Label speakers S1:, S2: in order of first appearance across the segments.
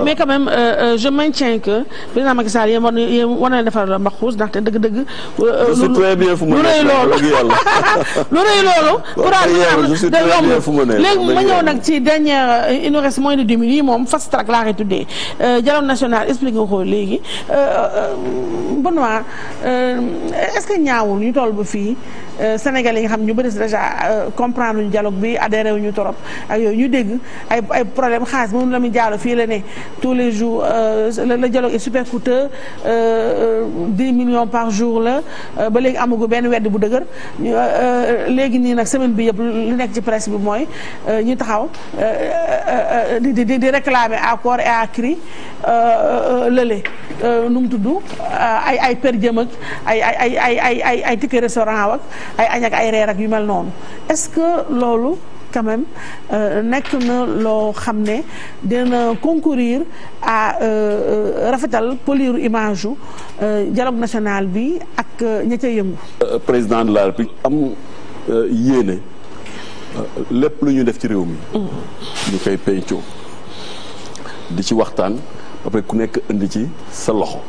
S1: mais mais quand même euh, euh, je maintiens que président Macky Sall yéen war na yéen war na leen defal mbaxuus ndaxte dëgg-dëgg. Euh, loolu lu rëy loolu. léegi ma ñëw nag ci dernière il de deux minutes moom fast track laa koy tuddee dialogue léegi. Benoît euh, est-ce que ñaawul ñu toll ba fii euh, Sénégal yi nga xam ñu bëri déjà euh, comprendre ñu dialogue bi adhéré wu ñu torop ak yooyu ñu dégg ay ay problème xaalis moom la muy jaalo fii la ne tous les jours le dialogue est super coûteux dix millions par jour la ba léegi amagu benn wedd bu dëgër léegi nii nag semaine bi yëpp lu nekk ci presse bi mooy ñu taxaw di di di réclamer à corps et à cri lële nu mu tudd ay per diem ak ay ay ay ay ay ay ay ticket restaurant ak ay añ ak ay reer ak yu mel noonu est-ce que loolu quand euh, nekk na loo xam ne dina concourir à euh, euh, rafetal poliru image yu dialogue nationale bi ak ña ca yëngu.
S2: président de la République am yéene lépp lu ñu def ci réew mi. Mm-hmm. ñu koy pencoo di ci waxtaan après ku nekk indi ci sa loxo.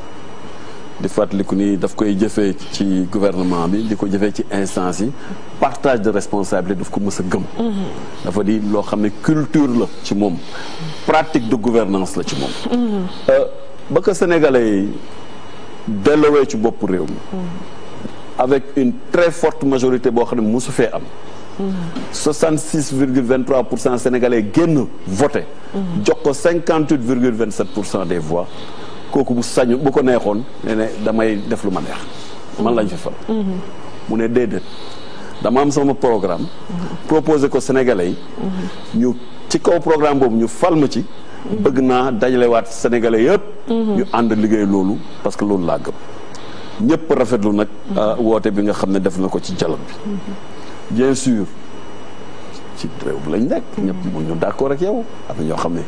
S2: di fàttaliku ni daf koy jëfee ci gouvernement bi di ko jëfee ci instance yi partage de responsabilité daf ko mës a gëm dafa di loo xam ne culture la ci moom pratique de gouvernance la ci moom euh, ba ko sénégalais yi dellowee ci bopp réew mi avec une très forte majorité boo xam ne mosu fee am 66 virgule 23 pour cent sénégalais génn voté jox ko 58 virgule 27 pour cent des voix kooku bu sañu bu ko neexoon ne damay def lu ma neex man lañ fi fal mm-hmm. mu ne déedéet dama am sama programme mm-hmm. proposé ko sénégalais yi mm-hmm. ñu ci kaw programme boobu ñu fal ma ci bëgg naa dajalewaat sénégalais yëpp ñu ànd liggéey loolu parce que loolu laa gëm ñëpp rafetlu nag euh, woote bi nga xam ne def na ko ci dialogue bi bien sûr ci réew bu lañ nekk ñëpp mun ñu d'accord ak yow am na ñoo xam ne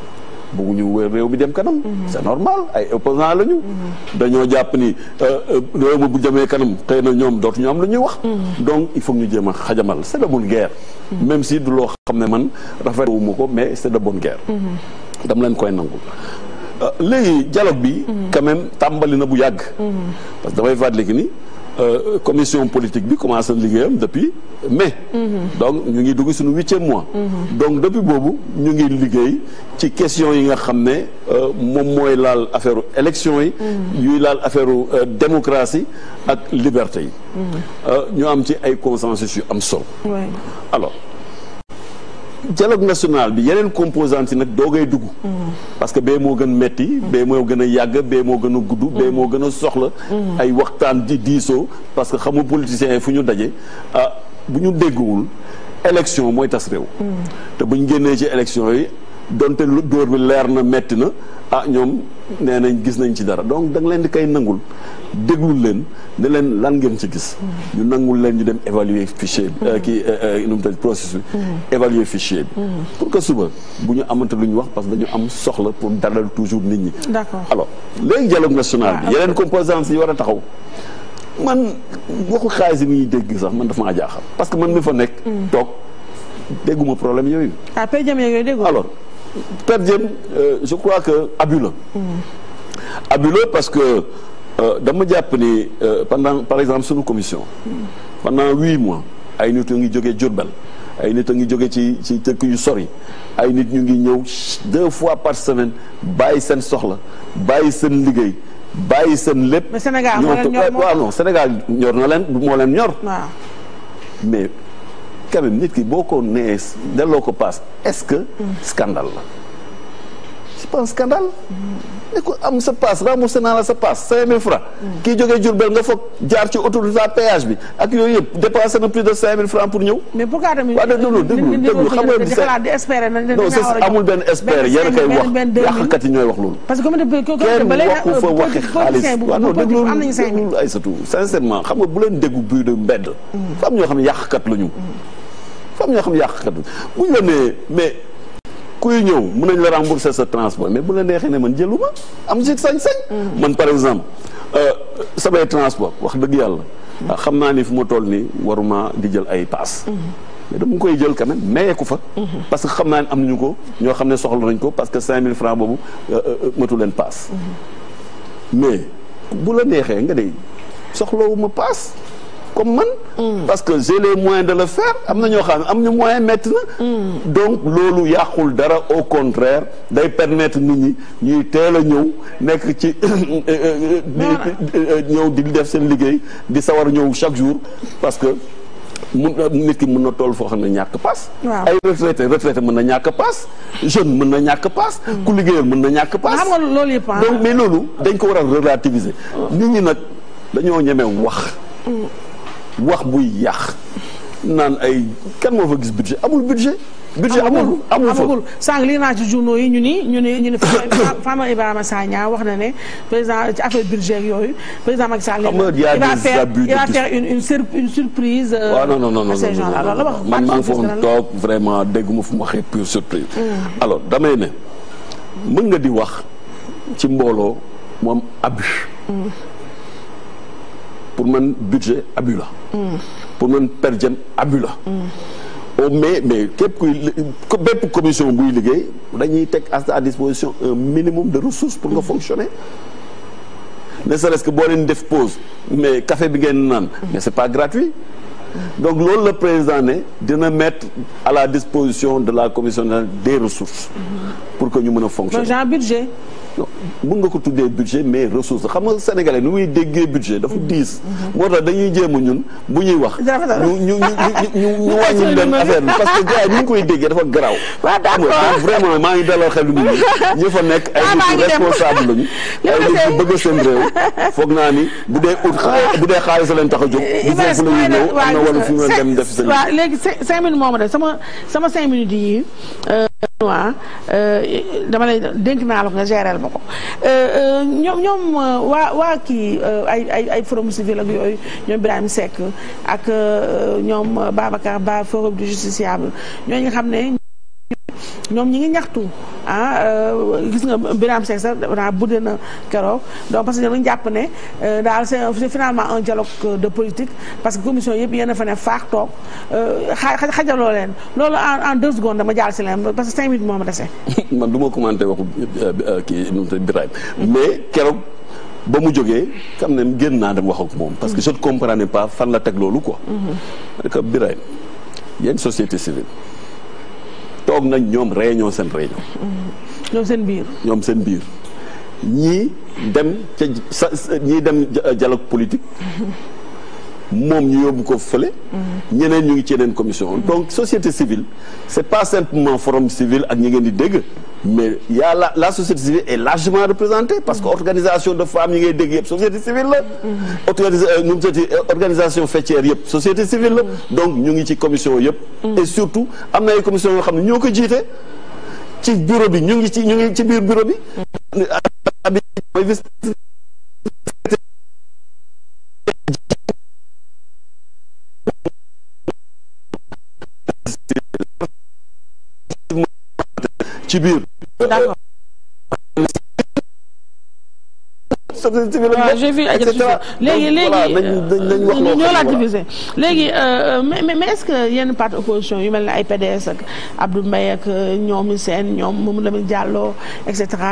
S2: bëgguñu réew mi dem kanam. Mhm. c'est normal ay opposants lañu. Mhm. dañoo jàpp ni euh, euh, réew mi bu jëmee kanam xëy na ñoom dootuñu am lu ñuy wax. Mhm. donc il faut ñu jéem a xajamal c'est de guerre. même si du loo xam ne man rafetlu ko mais c'est de bonne guerre. dam leen koy nangul. Euh, léegi dialogue bi. quand même tàmbali na bu yàgg. parce que damay fàttali ni. Euh, commission politique bi commencé na liggéeyam depuis mais mhm. donc ñu ngi dugg suñu huitième mois. Mhm. donc depuis boobu ñu ngi liggéey ci question yi nga xam ne euh, moom mooy laal affaire élection yi. Mhm. yuy laal affaire euh, démocratie ak liberté yi. ñu am ci ay consensus yu am solo. dialogue national bi yeneen composante yi nag doogay dugg. parce que bee moo gën metti bee moo gën a yàgg bee moo gën a gudd. bee moo gën a soxla. ay waxtaan di diisoo parce que xamu politiciens yi fu ñu daje ah bu ñu dégguwul élection mooy tas réew. Mm. te bu ñu génnee ci élection yi. donte lu dóor bi leer na metti na ah ñoom nee nañ gis nañ ci dara donc da leen di kay nangul déglul leen ne leen lan ngeen ci gis. ñu nangul leen ñu dem évaluer fichier bi. Euh, kii euh, euh, nu mu processus bi. Mm. Mm. pour que suba bu ñu amante lu ñu wax parce dañu am soxla pour dalal toujours nit ñi. d'accord alors léegi dialogue national bi ah, yeneen composants yi war a taxaw. man waxu xaalis yi muy dégg sax man dafa maa jaaxal parce que man mi fa nekk. Mm. toog dégguma problème yooyu. ah PDM yooyu déggoo Père Diène euh, je crois que abus la parce que euh, dama jàpp ni euh, pendant par exemple sunu commission pendant huit mois ay nit a ngi jóge Diourbel ay nit a ngi jóge ci ci tëkk yu sori ay nit ñu ngi ñëw deux fois par semaine bàyyi seen soxla bàyyi seen liggéey bàyyi seen lépp. Sénégal moo leen Sénégal ñor na leen moo leen ñor. mais quand même nit ki boo ko nee delloo ko paas est-ce que scandale la c'est pas un scandale ne ko am sa paas remboursé naa sa paas cinq mille francs kii jógee Diourbel nga foog jaar ci autoroute bi ak yooyu yëpp dépensé na plus de cinq mille francs pour ñëw mais pourquoi tamit waaw déglu déglu déglu xam amul benn espère yéen koy yi ñooy wax
S1: loolu que kenn waxu fa waxi xaalis waaw non
S2: ay surtout sincèrement xam nga bu leen déggu buy de mbedd fa am mm. ñoo xam ne yàqkat la am ñoo xam yàqkat bu ñu la nee mais kuy ñëw mën nañ la rembourser sa transport mais bu la neexee ne man jëluma am si sañ-sañ. Mm-hmm. man par exemple euh, samay transport wax dëgg yàlla. Mm-hmm. xam naa ni fu ma toll nii waruma di jël ay paas. Mm-hmm. mais dama koy jël quand même mayeeku fa. parce que xam naa ne am nañu ko ñoo xam ne soxla nañ ko parce que 5000 francs boobu euh, euh, matu leen paas. bu la neexee nga de soxlawuma paas. comme man. parce que j'ai les moyens de la faire am na ñoo xam ne am ñu moyen métti na. Mm. donc loolu yàqul dara au contraire day permettre nit ñi ñuy teel a ñëw nekk ci euh, euh, ñëw di def seen liggéey di sawar ñëw chaque jour parce que. mun euh, nit ki mën na toll foo xam ne ñàkk paas ay retraité retraité mën na ñàkk paas jeune mën na ñàkk paas mm. ku liggéeyal mën na ñàkk paas ah. donc mais loolu dañ ko war a relativiser oh. nit ñi nag dañoo ñeme wax mm. wax buy yàq naan ay kan moo fa gis budget amul budget budget amul amul fa
S1: sànq lii naa ci journaux yi ñu ni ñu ni ñu ni Fama Ibrahima Sagna wax na ne président ci affaire budget yooyu président Macky Sall il va faire il une surprise euh, waaw non la wax man maa ngi foog toog
S2: vraiment dégguma fu ma waxee pure surprise mm. alors damay ne mën nga di wax ci mbooloo moom abus mm. pour man budget abus la pour man per diem abus mais mais képp kuy bépp commission buy liggéey dañuy teg à disposition un minimum de ressources pour nga fonctionner ne serait-ce que boo leen def mais café bi ngeen naan mais c'est pas gratuit donc loolu la président ne dina mettre à la disposition de la commission des ressources pour que ñu mën a fonctionner budget question mën nga ko tuddee budget mais ressource xam nga sénégalais nu muy déggee budget dafa diis moo tax dañuy jéem a ñun bu ñuy wax ñu ñu ñu ñu wàññi leen affaire bi parce que gars yi ñu ngi koy déggee dafa garaaw waaw d'accord vraiment maa ngi dalal xel lu mu ñu fa nekk ay ah, nit responsable lañu ay nit bëgg seen réew foog naa ni bu dee ut xaalis bu dee xaalis leen tax a jóg bu foofu la ñu ñëw a na wala fu ñu dem def seen waaw
S1: sa cinq minutes moom rek sama sama cinq minutes yi euh, waaw euh, dama lay dénk naa la ko nga géreel ma ko euh, euh, ñoom ñoom waa waa kii ay ay ay forum civil ak yooyu ñoom Ibrahima Seck ak ñoom Babacar Ba forum du justiciable ñooñu xam ne ñoom ñi ngi ñaxtu ah euh, gis nga Birame Seck sax naa budde na keroog donc parce que dañu jàpp ne euh, daal c'est finalement un dialogue euh, de politique parce que commission yëpp yéen a fa ne faax toog xajaloo leen loolu en deux secondes dama jaar si leen parce que cinq minutes moo ma dese.
S2: man du ma waxu kii Birame mais keroog. ba mu jógee xam ne gën naa dem wax ak moom parce que je ne comprenais pas fan la teg loolu ko
S1: mm-hmm.
S2: parce que société civile. toog nañ ñoom réunion seen réunion.
S1: Mm-hmm. ñoom seen biir.
S2: ñoom seen biir ñii dem ca sa ñii dem dialogue politique. Mm-hmm. moom ñu yóbbu ko fële. Mhm. ñeneen ñu ngi ci yeneen commission. Mhm. donc société civile c'est pas simplement forum civil ak ñi ngeen di dégg. mais y a la la société civile est largement représentée parce que mhm. organisation de femmes yi ngay dégg yëpp société civile la. organisa ñoom euh, euh, organisation faîtière yëpp société civile la. donc ñu ngi ci commission yëpp. et surtout am na ay commission yoo xam ne ñoo ko jiite ci bureau bi ñu ngi ci ñu ngi ci biir bureau bi. ci biir. d'accord. léegi léegi euh, ñoo la divisé
S1: léegi euh, euh, mais mais est-ce que yenn parti opposition yu mel ne ay PDS ak Abdou Mbaye ak ñoom seen ñoom Mamadou Lamine Diallo et cetera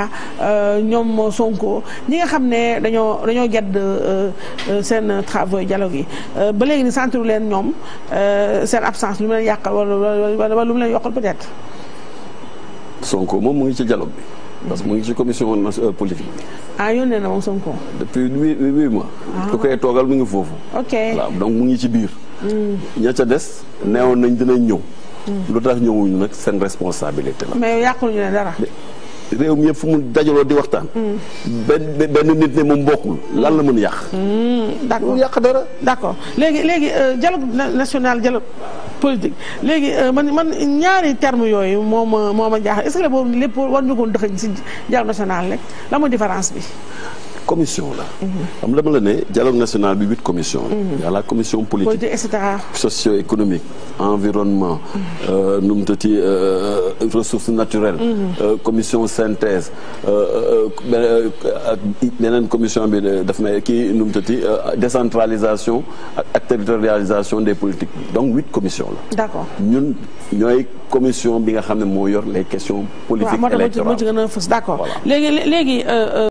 S1: ñoom Sonko ñi nga xam ne dañoo dañoo gedd seen travaux dialogue gi ba léegi ni sentir leen ñoom seen absence lu mu leen yàqal wala wala lu mu leen yokkal peut-être.
S2: Sonko moom mu ngi ci dialogue bi. parce que mu ngi ci commission euh, politique bi.
S1: ah yónnee na moom Sonko.
S2: depuis huit huit mois. Ah. ku koy toogal mu ngi foofu. ok waaw donc mu ngi ci biir. Hmm. ña ca des neewoon nañ dinañ ñëw. Hmm. lu tax ñëwuñu nag seen responsabilité la.
S1: mais yàqul ñu ne dara.
S2: réew mi yëpp fu mu dajaloo di waxtaan. benn benn nit ne moom bokkul lan la mën a yàq.
S1: Hmm, d' yàq dara. d' accord léegi léegi euh, dialogue national dialogue politique léegi euh, man man ñaari termes yooyu moo ma euh, moo ma jaaxal est ce que boobu lépp war ñu ko dëxëñ si dialogue national rek la mooy différence bi.
S2: commission la. Mhm. am la ma la ne dialogue national bi huit commission la. Mhm. y a la commission politique et cetera. socio-économique environnement. Mhm. Euh, nu mu tëti euh, euh, ressources naturelles. commission synthèse ak beneen commission bi daf na kii nu mu tëti décentralisation ak territorialisation des politiques donc huit commission la. d'accord ñun ñooy commission bi nga xam ne moo yor les question politiques
S1: électorales léegi.